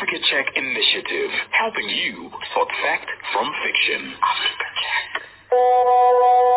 Africa Check Initiative, helping you sort fact from fiction. Africa Check.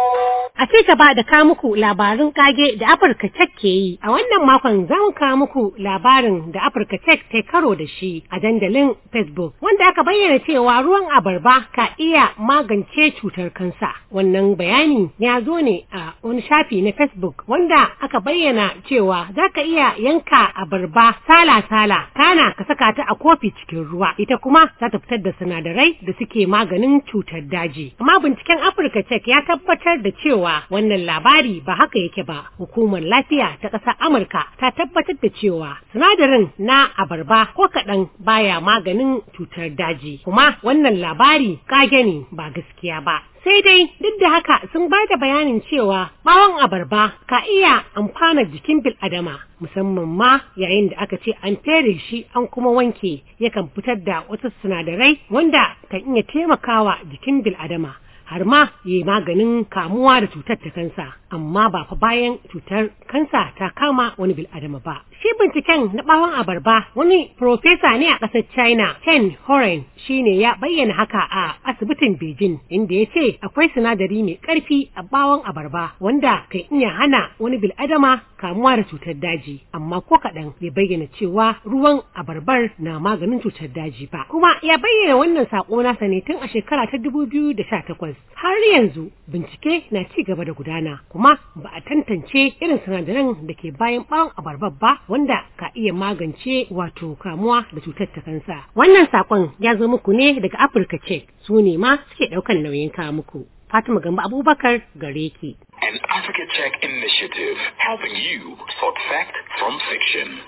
A ci gaba da ka muku labarin kage da Afirka Tech ke yi, a wannan makon za mu ka muku labarin da Afirka Tech ta karo da shi a dandalin Facebook, wanda aka bayyana cewa ruwan abarba ka iya magance cutar kansa. Wannan bayani ya zo ne a wani shafi na Facebook wanda aka bayyana cewa za ka iya yanka abarba sala-sala, kana ka saka ta a kofi cikin ruwa, ita kuma za ta fitar da sinadarai da suke maganin cutar daji. Amma binciken Afirka Tech ya tabbatar da cewa wannan labari ba haka yake ba hukumar lafiya ta ƙasar amurka ta tabbatar da cewa sinadarin na abarba ko kaɗan baya maganin cutar daji kuma wannan labari ƙage ne ba gaskiya ba sai dai duk da haka sun ba da bayanin cewa bawon abarba ka iya amfanar jikin bil'adama musamman ma yayin da aka ce an fere shi an kuma wanke yakan fitar da wasu sinadarai wanda kan iya taimakawa jikin bil'adama har ma yi maganin kamuwa da cutar ta kansa amma ba fa bayan cutar kansa ta kama wani bil'adama ba shi binciken na bawon abarba wani profesa ne a ƙasar china chen shi shine ya bayyana haka a asibitin beijing inda ya ce akwai sinadari mai ƙarfi a bawon abarba wanda kan iya hana wani bil'adama kamuwa da cutar daji amma ko kaɗan ya bayyana cewa ruwan abarbar na maganin cutar daji ba kuma ya bayyana wannan saƙo nasa ne tun a shekara ta dubu biyu da sha takwas Paris. Har yanzu bincike na ci gaba da gudana kuma ba a tantance irin sinadaran da ke bayan bawon abarbar ba wanda ka iya magance wato kamuwa da cutar ta kansa. Wannan sakon ya zo muku ne daga Afirka ce su ne ma suke ɗaukan nauyin kawo muku. Fatima Gamba Abubakar Gareki. ki. An Africa Check initiative helping you sort fact from fiction.